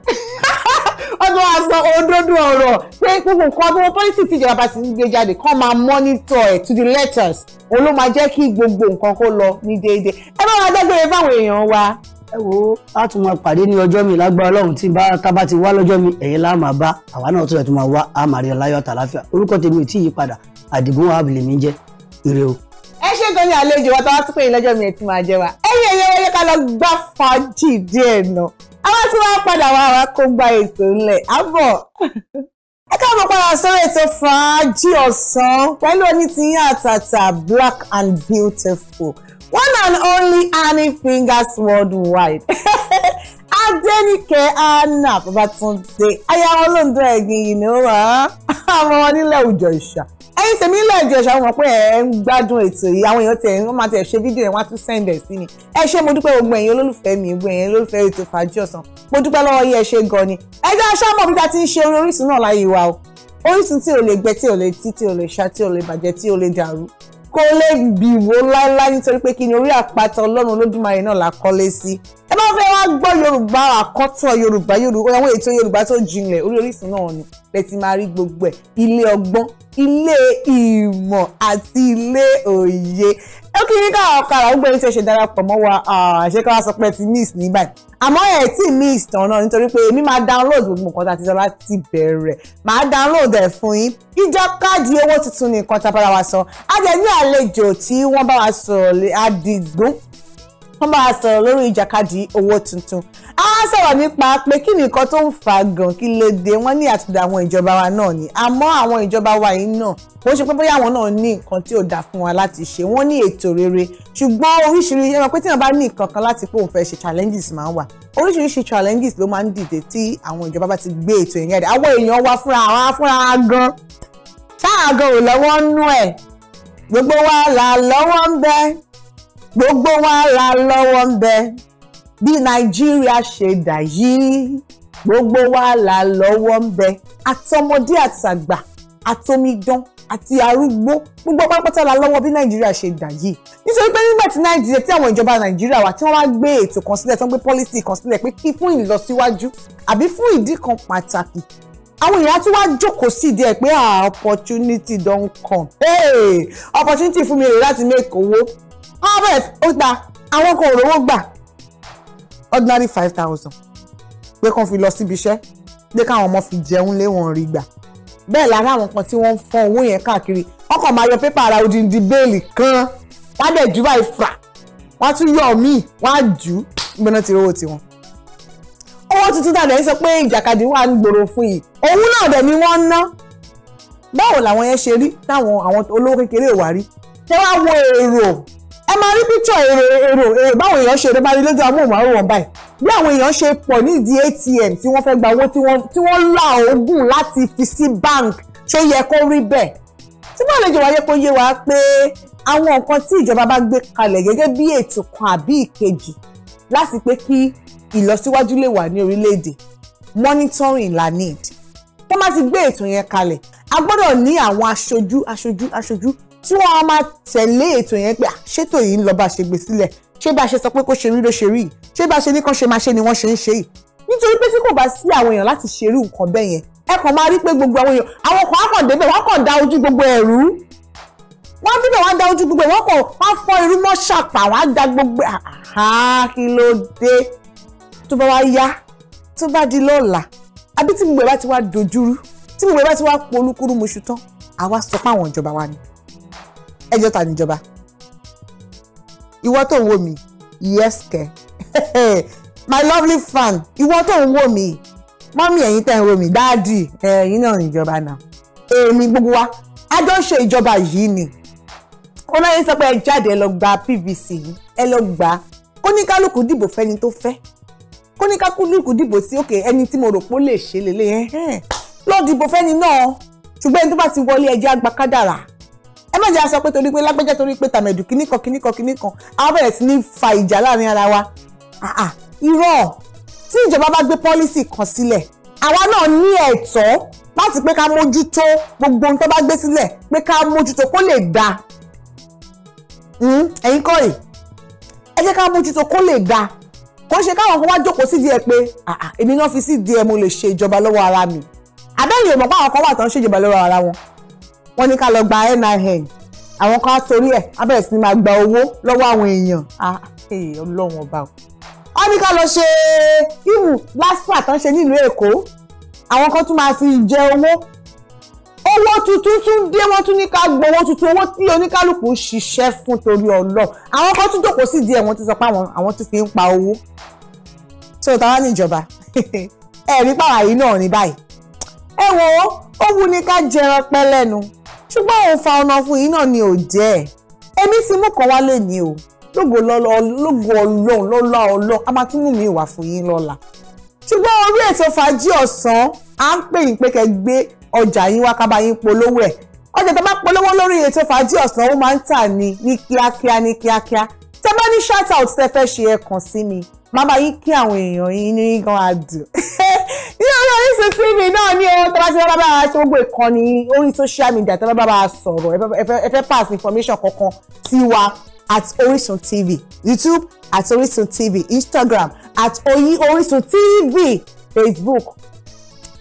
ọdún wa sọ òdodo ọ̀rọ̀ pé gbogbo nǹkan bí wọn pọlísì tí ìjọba sì ń gbé jáde kán máa monitor ẹ to the letters òun ló máa jẹ́ kí gbogbo nǹkan kó lọ ní déédéé ẹ bá wa dágbére fáwọn èèyàn wa ẹ wo a tún máa pàdé ní ọjọ́ mi lágbára ọlọ́run tí bá tábà ti wá lọ́jọ́ mi ẹ̀yin lá bá àwa náà tún ẹ̀ tún máa wá a máa rí ọláyọ̀ tàlàfíà orúkọ tèmi ò tí yí padà àdìgún àbìlẹ̀ mi jẹ́ ire o. ẹ ṣe gan ni àlejò wa tó wá sí pé ìlọ́jọ́ mi ẹ̀ ti máa jẹ wa ẹ̀yin ẹ̀yẹ wọlé ká lọ gbá fàájì díẹ̀ náà àwa tí wọ́n á padà wá àwa kó gba ètò ńlẹ̀ àbọ̀ ẹ káàbọ̀ padà sórí ètò fàájì ọ̀sán pẹ̀lú onítìyín àtàtà black and beautiful one and only Annie Fingers worldwide Adéníkẹ́ Anna Babátúndé ayáwó lóńdó ẹ̀gbìn yìí ni ó rà á àwọn ọmọ nílẹ̀ òjò ìṣà ẹ̀yin tèmi nílẹ̀ òjò ìṣà wọn pé ẹ ń gbádùn ètò yìí àwọn èèyàn tẹ ẹ máa tẹ ṣe fídíò ẹ wọn á tún sẹ́ndẹ̀ sí mi ẹ ṣé mo dúpẹ́ gbogbo ẹ̀yin olólùfẹ́ mi gbogbo ẹ̀yin olólùfẹ́ ètò fàájì ọ̀sán mo dúpẹ́ lọ́wọ́ yẹ ṣe gan ni ẹ jẹ́ aṣáàmọ̀ bí a ti ń ṣe orí Orísun náà láyé wa o Orísun tí ò lè gbẹ tí ò lè tí tí ò lè ṣá tí ò lè bàjẹ́ tí ò lè dàrú kó lè bìwò láéláé nítorí pé kí ni orí àpáta ọlọ́run olódùmarè náà la kọ́lé sí. ẹ bá fẹ́ wá gbọ́ yorùbá àkọ́tọ̀ yorùbá yorùbá àwọn ètò yorùbá tó jinlẹ̀ orí orísun náà ni lẹ ti máa rí gbogbo ẹ̀ ilé ọgbọ́n ilé ìmọ̀ àti ilé òye ó kí ní káwọn ọ̀kadà ó gbẹ̀yìn tí ẹ ṣe darapọ̀ mọ́ wa ṣé ká sọ pé ti miss ní báyìí àmọ́ ẹ̀ tí miss tán náà nítorí pé èmi máa download gbogbo nǹkan tá a ti sọ láti bẹ̀rẹ̀ máa download ẹ̀ fún yín ìjọ káàdì owó tuntun nìkan tá a bára wa sọ á jẹ́ ní àlejò tí wọ́n bá wa sọ̀rọ̀ Adigun wọ́n bá sọ̀rọ̀ lórí ìjàkadì owó tuntun a wá sọ̀rọ̀ nípa pé kí ni nǹkan tó ń fa gan kí lè dé wọ́n ní àtúndà àwọn ìjọba wa náà ni àmọ́ àwọn ìjọba wa yìí náà wọ́n ṣe pé bóyá àwọn náà ní nǹkan tí ò dá fún wa láti ṣe wọ́n ní ètò rere ṣùgbọ́n oríṣiríṣi ẹ̀rọ pé tí wọ́n bá ní nǹkan kan láti pé òun fẹ́ ṣe challenges máa ń wà oríṣiríṣi challenges ló máa ń dìde tí àwọn ìjọba bá ti gbé ètò yẹn wa fúnra wa fúnra gan gbogbo wa là lọ́wọ́ ń bẹ́ẹ̀ gbogbo wa ra lọ́wọ́ ń bẹ bí nàìjíríà ṣe dà yìí gbogbo wa la lọ́wọ́ ń bẹ àtọmọdé àtàgbà àtomidán àti arúgbó gbogbo pápátá la lọ́wọ́ bí nàìjíríà ṣe dà yìí nítorí pé nígbà tí nàìjíríà tí àwọn ìjọba nàìjíríà wà tí wọ́n wá gbé ètò kan sílẹ̀ tí wọ́n gbé pọ́lísì kan sílẹ̀ pé kí fún ìlọsíwájú àbí fún ìdí kan pàtàkì àwọn èèyàn tún wá jókòó sí ìdí ẹ̀ pé ah, opportunity don come hey, opportunity fún mi rè láti make owó harvest ó ta àwọn kan òróró gbà ordinary five thousand pé kàn fi lọ síbi iṣẹ́ pé káwọn ọmọ fi jẹun lé wọn rí gbà bẹ́ẹ̀ lára àwọn kan tí wọ́n ń fọ́n owó yẹn káàkiri wọ́n kàn máa yọ pépà ara odindi béèlì kan wọ́n á dẹ̀ jù báyìí fà wọ́n á tún yọ míì wọ́n á jù ú gbẹ́nà ti rówó tiwọn. owó tuntun tàbí ẹ̀ ń sọ pé ìjàkadì wà ń gbòòrò fún yìí òun náà dẹ̀ ni wọ́n ń ná báwo làwọn yẹn ṣe rí táwọn àwọn olówó kékeré wà rí tẹ wá wo èrò ẹ máa rí píkṣọ̀ èrò èrò èrò báwọn èèyàn ṣe rẹ́bárí lójú amóhùnmáwòrán báyìí bí àwọn èèyàn ṣe pọ̀ ní ìdí ATM tí wọ́n fẹ́ gba owó tí wọ́n là oògùn láti fi sí bank ṣó yẹ kó rí bẹ́ẹ̀ ṣùgbọ́n àlejò wáyé kó yé wa pé àwọn nǹkan tí ìjọba bá gbé kalẹ̀ gẹ́gẹ́ bí ètò kan àbí ìkejì láti pé kí ìlọsíwájú lè wà ní orílẹ̀-èdè monitoring la need wọ́n má ti gbé ètò yẹn kalẹ̀ a gbọ́dọ̀ ní àwọn aṣojú aṣojú aṣojú tí wọ́n á máa tẹ̀lé ètò yẹn pé ṣètò yìí ń lọ bá ṣe gbé sílẹ̀ ṣé bá ṣe sọ pé kó ṣe rí ló ṣe rí ṣé bá ṣe ní kan ṣe máa ṣe ni wọ́n ṣe ń ṣe yìí nítorí pé tí kò bá sí àwọn èèyàn láti ṣe irú nǹkan bẹ́ẹ̀ yẹn ẹ kàn máa rí pé gbogbo àwọn èèyàn àwọn kan á kàn débẹ̀ wọ́n kàn da ojú gbogbo ẹ̀rú wọ́n débẹ̀ wọ́n da ojú gbogbo ẹ̀ wọ́n kàn wọ́n fọ́ irú mọ́ ṣàpà wọ́n á da gbogbo kí ló dé tó bá wá yá tó bá di lọ́la àbí tí gbogbo ẹ̀ bá ti wá dojúrú tí gbogbo ẹ̀ bá ti wá polúkúrú muṣu tán àwa sọ pé ìjọba wa ni ẹjọ́ ta níjọba ìwọ tó ń wò mí yes kẹ my lovely fan ìwọ tó ń wò mí mọ́mí ẹ̀yin tẹ́ ń wò mí dáàdì ẹ̀yin náà níjọba náà èmi gbogbo wa a jọ ń ṣe ìjọba yìí ni ó náà yín sọ pé ẹ jáde ẹ lọ gba PVC yìí ẹ lọ gbà á kóníkálùkù dìbò fẹ́ni tó fẹ́ kóníkálùkù dìbò sí òkè ẹni tí mo rò pé ó lè ṣe lélẹ̀ yẹn lọ́ọ́ dìbò fẹ́ni náà ṣùgbọ́n ẹni tó bá ti wọlé ẹjẹ́ agbá ẹ má jẹ́ a sọ pé torí pé lágbẹ́jẹ́ torí pé tàmẹ̀dù kíníkan kíníkan kíníkan a bẹ̀rẹ̀ sí ní fa ìjà láàrin ara wa àà irọ́ tí ìjọba bá gbé pọ́lísì kan sílẹ̀ àwa náà ní ẹ̀tọ́ láti pé ká mójútó gbogbo ohun tó bá gbé sílẹ̀ pé ká mójútó kó lè dáa hmm, ẹ̀yin kọ́ rè ẹ jẹ́ ká mójútó kó lè dáa kò ṣe káwọn kan wá jókòó sídìí ẹ pé èmi náà fi sídìí ẹ mo lè ṣe ìjọba lọ́wọ́ ara mi àbẹ́yìn ò mọ̀ pé àwọn kan wà tán ṣèjọba lọ́wọ́ ara wọn wọ́n ní ká lọ gba NIN àwọn kan á torí ẹ̀ á bẹ̀rẹ̀ sí ni máa gba owó lọ́wọ́ àwọn èèyàn ah, ọlọ́run ọba o. wọ́n ní ká lọ ṣe ìwù lásìkò tán ṣe nílùú Èkó àwọn kan tún máa fi jẹ owó owó tuntun tún dé wọ́n tún ní ká gbowó tuntun owó tí oníkálukú ṣiṣẹ́ fún torí ọlọ́ àwọn kan tún jókòó sí díẹ̀ wọ́n tún sọ pé àwọn tún fi ń pa owó tí o tàwa ní ìjọba ẹ̀rí pàwáyé náà ní báyìí ẹ wo ó wù ní ká jẹran pẹ́ lẹ́nu ṣùgbọ́n òun fa ọ̀nà fún yín náà ni ò jẹ́ ẹ̀ èmi sì mú kan wálé ni o lógo ọlọ́run lọ́lá ọlọ́ a máa tún mú mi wà fún yín lọ́la ṣùgbọ́n orí ètò fàájì ọ̀sán à ń pè yín pé kẹ́ gbé ọjà yín wá kábà yín polówó ẹ̀ ọjà tó bá polówó lórí ètò fàájì ọ̀sán ó máa ń tà ní ní kíákíá ní kíákíá tẹ́ bá ní shout out tẹ́ fẹ́ ṣe ẹ kàn sí mi má bá yín kí àwọn èèyàn yín ní gan adùn ní orí Orísun TV náà ní ohun tó bá ti bá bá wa ṣe gbogbo ìkànnì orí social media tó bá bá wa sọ̀rọ̀ ẹ fẹ́ pass information kankan sí wa at Orisun TV YouTube at Orisun TV Instagram at oyi Orisun TV Facebook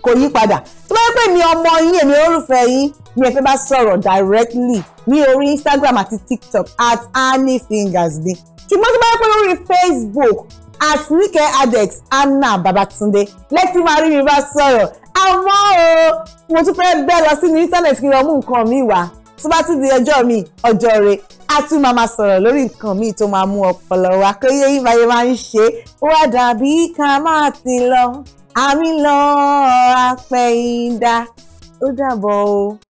kò yí padà tó bá pè mí ọmọ yín èmi olólùfẹ́ yín ni ẹ fẹ́ bá sọ̀rọ̀ directly ní orí Instagram àti TikTok at Anifingers ni ṣùgbọ́n tó bá pè lórí Facebook at nike adex anna babatunde lẹ́tí máa rí mi bá sọ̀rọ̀ àmọ́ o mo tún fẹ́ bẹ́ẹ̀ lọ sínú íńtánẹ̀tì kí n lọ mú nǹkan mi wá tó bá tún di ọjọ́ mi ọjọ́ re a tún máa máa sọ̀rọ̀ lórí nǹkan mi tó máa mú ọpọlọ wa pé yé yín báyé máa ń ṣe wá dàbí ká máa ti lọ àmì lọ apẹ̀yìndà ó dàbọ̀ o.